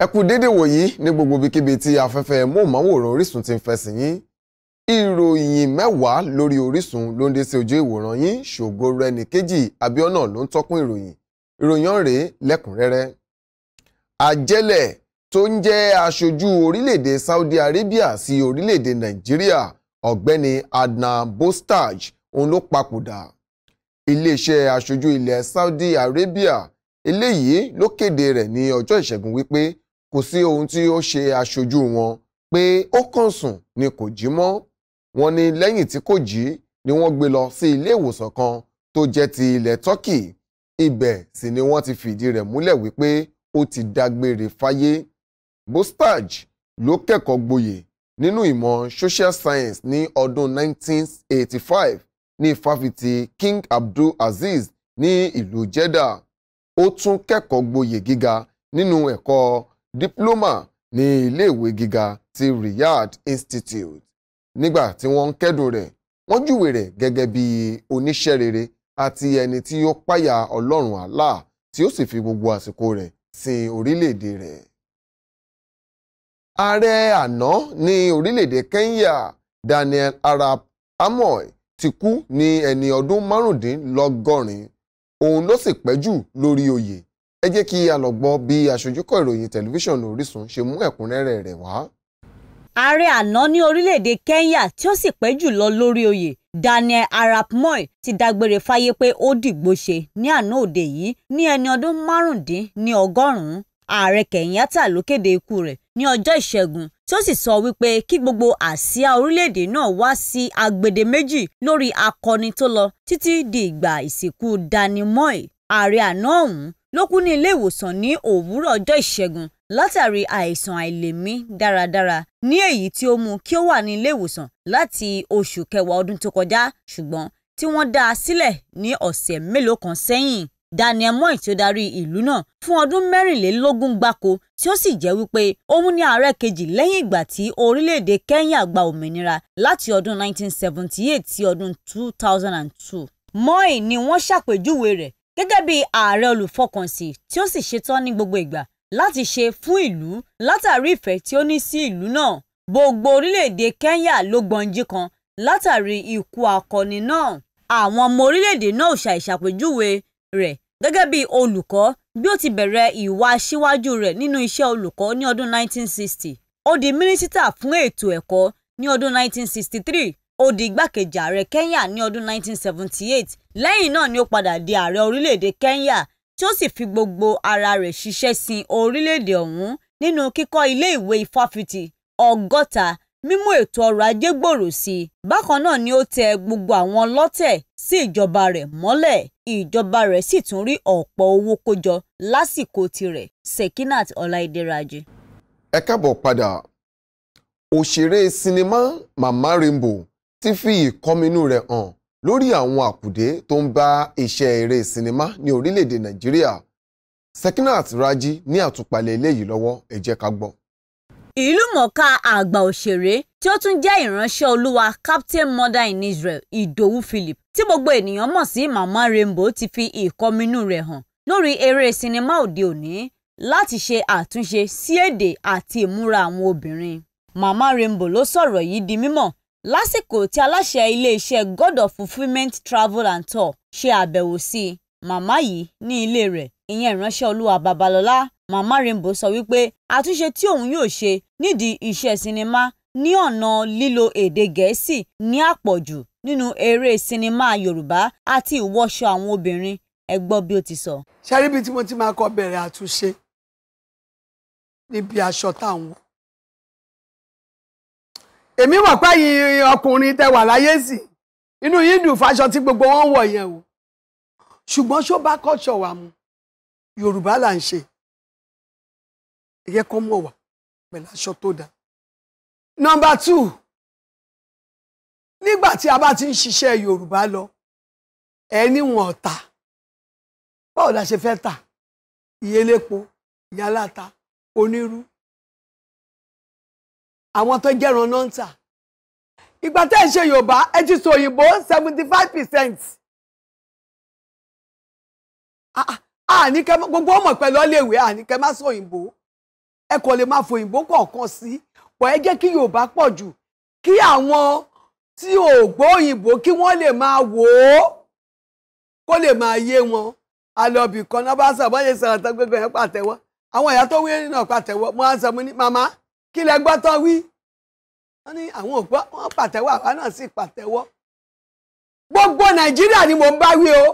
ẹ kú dédé wòyí ní gbogbo ibikíbi tí afẹ́fẹ́ móhùnmáwòrán Orísun ti ń fẹsẹ̀ yín ìròyìn mẹ́wàá lórí Orísun ló ń dé sí ojú ìwòran yín ṣògo rẹni kejì Abíọ́nà ló ń tọ́kún ìròyìn ìròyìn rèé lẹ́kùnrẹ́rẹ́ àjẹlẹ̀ tó ń jẹ́ aṣojú orílẹ̀-èdè Saudi Arabia sí si orílẹ̀-èdè Nàìjíríà ọ̀gbẹ́ni Adnan Bostage òun ló papòdà iléeṣẹ́ aṣojú ilẹ̀ Saudi Arabia eléyìí ló kéde rẹ̀ ní ọjọ́ ìṣẹ́gun wípé kò sí ohun tí ó ṣe aṣojú wọn pé ó kàn sùn ni kò jí mọ́ wọ́n ní lẹ́yìn tí kò jí ni wọ́n gbé lọ sí ilé ìwòsàn kan tó jẹ́ ti ilẹ̀ Turkey ibẹ̀ sì ni wọ́n ti fìdí rẹ̀ múlẹ̀ wípé ó ti dágbére fáyé Bostaj ló kẹ́kọ̀ọ́ gboyè nínú ìmọ̀ social science ní ọdún 1985 ní fáfitì King Abdul Aziz ní ìlú Jeddah ó tún kẹ́kọ̀ọ́ gboyè gíga nínú ẹ̀kọ́ Diploma ní iléèwé gíga ti Riyadh Institute nígbà tí wọ́n ń kẹ́dùn rẹ̀ wọ́n júwe rẹ̀ gẹ́gẹ́ bí oníṣẹ́ rere àti ẹni tí ó páyà Ọlọ́run Allah tí ó sì fi gbogbo àsìkò rẹ̀ sin orílẹ̀-èdè rẹ̀. Ààrẹ àná ní orílẹ̀-èdè Kenya Daniel Arap Amoy ti kú ní ẹni ọdún márùndínlọ́gọ́rin òun ló sì pẹ́ jù lórí oyè ẹ jẹ́ kí a lọ gbọ́ bí aṣojúkọ̀ ìròyìn tẹlifíṣàn Orísun ṣe mú ẹ̀kúnrẹ́rẹ́ rẹ̀ wá. ààrẹ àná ní orílẹ̀-èdè Kenya tí ó sì pẹ́ jù lọ lórí oyè Daniel Arap Moi ti dágbére fáyé pé ó dìgbòṣe ní àná òde yìí ní ẹni ọdún márùndín ní ọgọ́rùn-ún ààrẹ Kenyatta ló kéde ikú rẹ̀ ní ọjọ́ ìṣẹ́gun tí ó sì sọ wípé kí gbogbo àsíá orílẹ̀-èdè náà wá sí agbede méjì lórí akọni tó lọ títí di ìgbà ìsìnkú Dani moy ààrẹ àná ọ̀hún ló kú ní ilé ìwòsàn ní òwúrọ̀ ọjọ́ ìṣẹ́gun látàrí àìsàn àìlèmí dáradára ní èyí tí ó mú kí ó wà ní ilé ìwòsàn láti oṣù kẹwàá ọdún tó kọjá ṣùgbọ́n tí wọ́n dá a sílẹ̀ ní ọ̀sẹ̀ mélòó kan sẹ́yìn Daniel Moy tí ó darí ìlú náà fún ọdún mẹ́rìnlélógún gbáko tí ó sì jẹ́ wípé òun ni ààrẹ kejì lẹ́yìn ìgbà tí orílẹ̀-èdè Kenya gba òmìnira láti ọdún 1978 sí ọdún 2002. Moy ni wọ́n ṣàpèjúwe rẹ̀ gẹ́gẹ́ bí ààrẹ olùfọkànsìn tí ó sì ṣetán ní gbogbo ìgbà láti ṣe fún ìlú látàrí ìfẹ́ tí ó ní sí ìlú náà gbogbo orílẹ̀-èdè Kenya ló gbọ̀njí kan látàrí ikú akọni náà àwọn ọmọ orílẹ̀-èdè náà ò ṣàìṣàpèjúwe rẹ̀ gẹ́gẹ́ bí olùkọ́ bí ó ti bẹ̀rẹ̀ ìwà síwájú rẹ̀ nínú iṣẹ́ olùkọ́ ní ọdún 1960 ó di mínísítà fún ètò ẹ̀kọ́ ní ọdún 1963 ó di igbákejì ààrẹ Kenya ní ọdún 1978 lẹ́yìn náà ni ó padà di ààrẹ orílẹ̀-èdè Kenya tí ó sì fi gbogbo ara rẹ̀ ṣiṣẹ́ sin orílẹ̀-èdè ọ̀hún nínú kíkọ́ ilé ìwé ìfáfitì ọgọ́ta mímú ètò ọrọ̀ ajé gbòòrò sí i bákan náà ni ó tẹ gbogbo àwọn ọlọ́tẹ̀ sí ìjọba rẹ̀ mọ́lẹ̀ ìjọba rẹ̀ sì tún rí ọ̀pọ̀ owó kójọ lásìkò tirẹ̀ Sekinat Ọláìdé Rájí. ẹ káàbọ̀ padà òṣèré sinimá Mama Rainbow ti fi ìkọminú rẹ̀ hàn lórí àwọn àkùdé tó ń bá iṣẹ́ eré sinimá ní orílẹ̀-èdè nàìjíríà Sekinat Raji ní àtúpalẹ̀ eléyìí lọ́wọ́ ẹ jẹ́ ká gbọ́. ìlúmọ̀ọ́ká àgbà òṣèré tí ó tún jẹ́ ìránṣẹ́ olúwa Captain Mother in Israel Ìdòwú Philip tí gbogbo ènìyàn mọ̀ sí Mama Rainbow ti fi ìkọminú rẹ̀ hàn lórí eré sinimá òde òní láti ṣe àtúnṣe sí èdè àti ìmúra àwọn obìnrin Mama Rainbow ló sọ̀rọ̀ yìí di mímọ̀ lásìkò tí aláṣẹ iléeṣẹ́ god of fulfilment travel and tour ṣe àbẹ̀wò sí màmá yìí ní ilé rẹ̀ ìyẹn ìránṣẹ́ olúwa babalọ́lá màmá rainbow sọ wípé àtúnṣe tí òun yóò ṣe nídìí iṣẹ́ sinimá ní ọ̀nà lílo èdè gẹ̀ẹ́sì ní àpọ̀jù nínú eré sinimá yorùbá àti ìwọṣọ àwọn obìnrin ẹ gbọ́ bí ó ti sọ. ṣáríbi tí mo ti máa kọ bẹ̀rẹ̀ àtúnṣe níbi aṣọ táwọn èmi wà pẹ́yìn ọkùnrin tẹ wà láyé sí inú yín dùn fáṣọ tí gbogbo wọn wọ̀ yẹn o ṣùgbọ́n ṣó bá kọ́ṣọ̀ wà mu yorùbá là ń ṣe ẹ̀yẹ kọ́ mọ̀ wà pẹ̀lú aṣọ tó dáa. nọmba two nígbà tí a bá ti ń ṣiṣẹ́ yorùbá lọ ẹ níwọ̀n ọ̀tà báwo la ṣe fẹ́ tà ìyẹlẹ́po ìyálàta onírú àwọn tó jẹ́ran náà ń tà ìgbà tẹ́ ẹ ṣe yorùbá ẹ ti sọ òyìnbó seventy five percent àníkẹ́ gbogbo ọmọ pẹ̀lú ọ̀lẹ́wé àníkẹ́ má sọ òyìnbó ẹ kò lè máa fòyìnbó kọ̀ọ̀kan sí pọ̀ ẹ jẹ́ kí yorùbá pọ̀ jù kí àwọn tí ò gbọ́ òyìnbó kí wọ́n lè máa wò ó kó lè máa yé wọn alọ́bì kan náà bá sọ̀rọ̀ bọ́lẹ̀ sọ̀rọ̀ tán gbégbé yẹn pàtẹ́wọ́ àwọn ìyá tó wí náà pàtẹ́wọ́ mo á sọ mo ní màmá kí lẹ gbọ́ tán wí wọ́n ní àwọn òpó wọ́n pàtẹ́wọ́ àwa náà sì pàtẹ́wọ́ gbogbo nàìjíríà ni mò ń bá wí o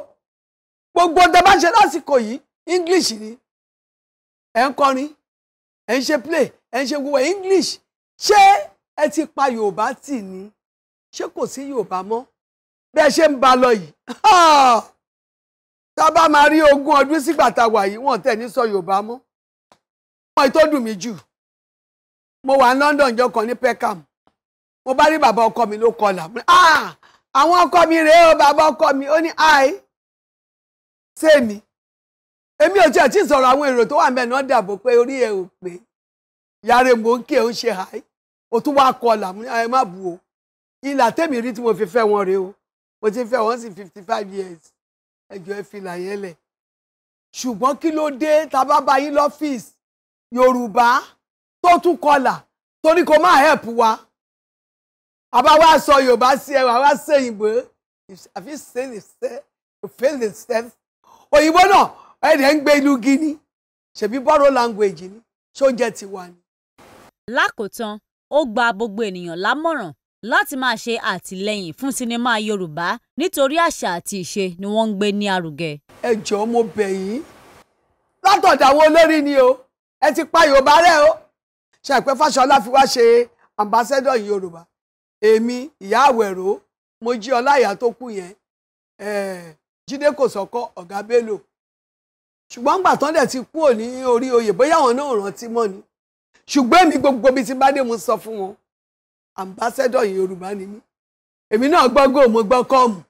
gbogbo tẹ lásìkò yìí english ni ẹ ń kọrin ẹ ń ṣe play ẹ ń ṣe gbogbo english ṣé ẹ ti pa yorùbá tì ní ṣé kò sí yorùbá mọ́ bí ẹ ṣe ń ba lọ yìí tá a bá máa rí ogún ọdún sígbà tá a wà yìí wọ́n tẹ̀ ní sọ yorùbá mọ́ wọ́n ètò dùn mí jù mo wà London jọ kan ní Peckham mo bá rí bàbá ọkọ mi ló kọlà ah, àwọn ọkọ mi rèé o bàbá ọkọ mi ó ní i sèmi èmi ò tiẹ̀ tí ì sọ̀rọ̀ àwọn èrò tó wà mẹ́rin náà dàbò pé orí ẹ̀ ò pé yàrá èmò ń kí ẹ̀ ń ṣe àì o tún wáá kọlà ẹ má bu o ìlà tèmi rí tí mo fi fẹ́ wọn rèé o mo ti fẹ́ wọn sí fifty five years ẹjọ́ ẹ fi làyẹn lẹ̀ ṣùgbọ́n kí ló dé tá a bá bá yín lọ́fíìsì yorùbá tó tún kọlà torí kò má help wa àbá wa sọ yorùbá sí ẹ wàá wá sèyìnbó àfi sèyìnbó òyìnbó náà ẹ̀rẹ̀ ń gbé inú gíní ṣebí borrow language ni ṣóúnjẹ ti wà ní. lákòótán ó gba gbogbo ènìyàn lámọ̀ràn láti máa ṣe àtìlẹ́yìn fún sinimá yorùbá nítorí àṣà àti ìṣe ni wọ́n ń gbé ní àrùgẹ. ẹ jọ̀ọ́ mo bẹ̀ yín látọ̀dà wo lórí ni o ẹ ti pa yorùbá rẹ́ o ṣàpẹ́ fàṣọlá fi wá ṣe ambassadọ yorùbá èmi ìyá àwẹ̀rọ mo jí ọláyà tó kù yẹn jíde kò sọkọ ọ̀gá bello ṣùgbọ́n gbà tán dẹ̀ ti kú òní orí oyè bóyá àwọn náà rántí mọ́ ni ṣùgbọ́n èmi gbogbo bíi ti bá dé mo sọ fún wọn ambassadọ yorùbá ni mí èmi náà gbọ́gò mo gbọ́ kọ́ọ̀mù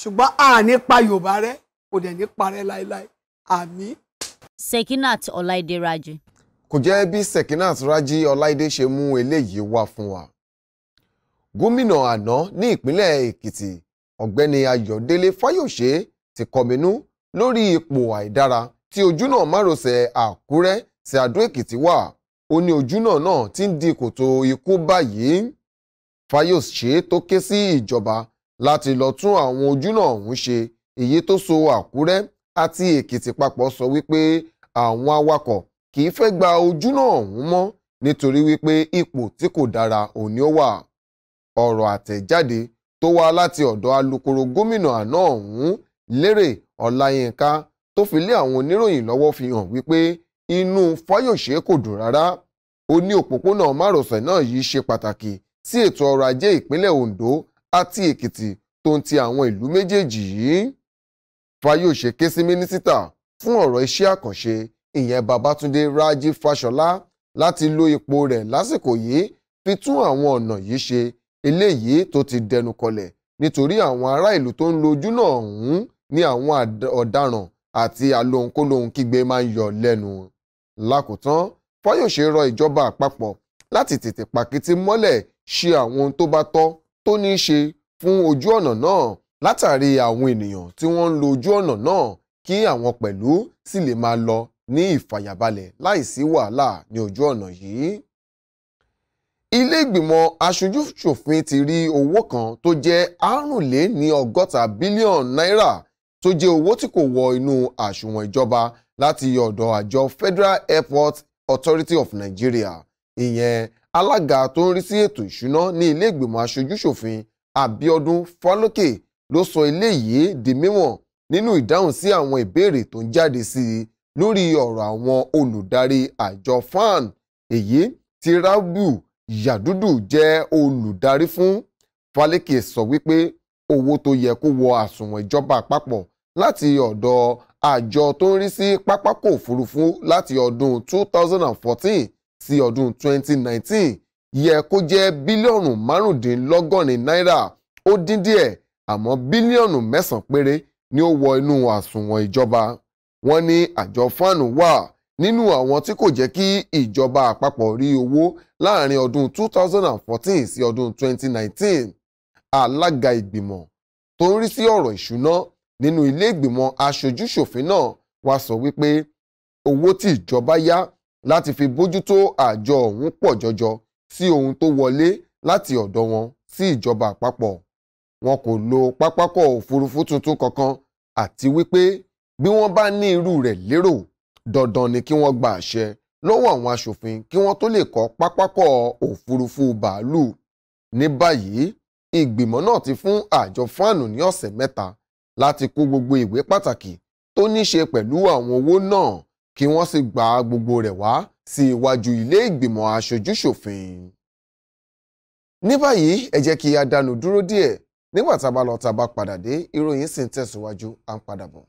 ṣùgbọ́n a nípa yorùbá rẹ kò dẹ̀ ní parẹ́ láéláé àmì. Sekinat Ọláìdé kò jẹ́ bí Sekinat Raji Ọláìdé ṣe mú eléyìí wá fún wa. gómìnà àná ní ìpínlẹ̀ Èkìtì ọ̀gbẹ́ni Ayọ̀délé Fáyòṣe ti kọminú lórí ipò àìdára tí ojúnà márosẹ̀ Àkúrẹ́ sí Adó Èkìtì wà ó ní ojúnà náà ti ń di kòtò ikú báyìí. Fáyòṣe tó ké sí ìjọba láti lọ tún àwọn ojúnà ọ̀hún ṣe èyí tó so Àkúrẹ́ àti Èkìtì papọ̀ sọ wípé àwọn awakọ̀ kì í fẹ́ gba ojúnà ọ̀hún mọ́ nítorí wípé ipò tí kò dára òun ni ó wà ọ̀rọ̀ àtẹ̀jáde tó wá láti ọ̀dọ̀ alukoro gómìnà àná ọ̀hún lérè ọláyínká tó fi lé àwọn oníròyìn lọ́wọ́ fi hàn wípé inú fáyọ̀ṣe kò dùn rárá ó ní òpópónà márosẹ̀ náà yìí ṣe pàtàkì sí ètò ọrọ̀ ajé ìpínlẹ̀ ondo àti èkìtì tó ń ti àwọn ìlú méjèèjì yìí fáyọ̀ṣe ké sí mínísítà fún ọ̀rọ̀ iṣẹ́ àkànṣe ìyẹn Babátúndé Rájí Fáṣọlá láti lo ipò rẹ̀ lásìkò yìí fi tún àwọn ọ̀nà yìí ṣe eléyìí tó ti dẹnu kọlẹ̀ nítorí àwọn ará ìlú tó ń lo ojúnà ọ̀hún ní àwọn ọ̀daràn àti alóhunkólóhun kígbe máa ń yọ lẹ́nu. lákòótán Fáyọ̀ṣe rọ ìjọba àpapọ̀ láti tètè pàkìtì mọ́lẹ̀ ṣe àwọn ohun tó bá tọ́ tó ní í ṣe fún ojú ọ̀nà náà látàrí àwọn ènìyàn tí wọ́n ń lo ojú ọ̀nà náà kí àwọn pẹ̀lú sì lè máa lọ ní ìfàyàbalẹ̀ láìsí wàhálà ní ojú ọ̀nà yìí. ilé ìgbìmọ̀ aṣojú-ṣòfin ti rí owó kan tó jẹ́ àrùnléní ọgọ́ta bílíọ̀nù náírà tó jẹ́ owó tí kò wọ inú àṣùwọ̀n ìjọba láti ọ̀dọ̀ àjọ Federal Airport Authority of Nigeria ìyẹn alága tó ń rí sí ètò ìṣúná ní ilé ìgbìmọ̀ aṣojú-ṣòfin Abíọ́dún Fálókè ló sọ eléyìí di mímọ̀ nínú ìdáhùn sí àwọn ìbéèrè tó ń jáde sí i lórí ọ̀rọ̀ àwọn olùdarí àjọ fan èyí tí Rabu Yadudu jẹ́ olùdarí fún Faleke sọ wípé owó tó yẹ kó wọ àsùnwọ̀n ìjọba àpapọ̀ láti ọ̀dọ̀ àjọ tó ń rí sí pápákọ̀ òfurufú láti ọdún 2014 sí ọdún 2019 yẹ kó jẹ́ bílíọ̀nù márùndínlọ́gọ́rin náírà ó dín díẹ̀ àmọ́ bílíọ̀nù mẹ́sàn-án péré ni ó wọ inú àsùnwọ̀n ìjọba wọ́n ní àjọ fanu wà nínú àwọn tí kò jẹ́ kí ìjọba àpapọ̀ rí owó láàrin ọdún 2014 sí ọdún 2019 alága ìgbìmọ̀ tó ń rí sí ọ̀rọ̀ ìṣúná nínú ilé ìgbìmọ̀ aṣojúṣòfin náà wá sọ wípé owó tí ìjọba yá láti fi bójútó àjọ ọ̀hún pọ̀ jọjọ sí ohun tó wọlé láti ọ̀dọ̀ wọn sí ìjọba àpapọ̀ wọn kò lo pápákọ̀ òfurufú tuntun kankan àti wípé bí wọ́n bá ní irú rẹ̀ lérò dandan ni kí wọ́n gba àṣẹ lọ́wọ́ àwọn aṣòfin kí wọ́n tó lè kọ́ pápákọ̀ òfurufú bàálù ní báyìí ìgbìmọ̀ náà ti fún àjọ fáànù ní ọ̀sẹ̀ mẹ́ta láti kó gbogbo ìwé pàtàkì tó ní ṣe pẹ̀lú àwọn owó náà kí wọ́n sì gba gbogbo rẹ̀ wá sí iwájú ilé ìgbìmọ̀ aṣojúṣòfin. ní báyìí ẹ jẹ́ kí a dánu dúró díẹ̀ nígbà tá a bá lọ tá a bá padà dé ìròyìn sì ń tẹ̀síwájú à ń padà bọ̀.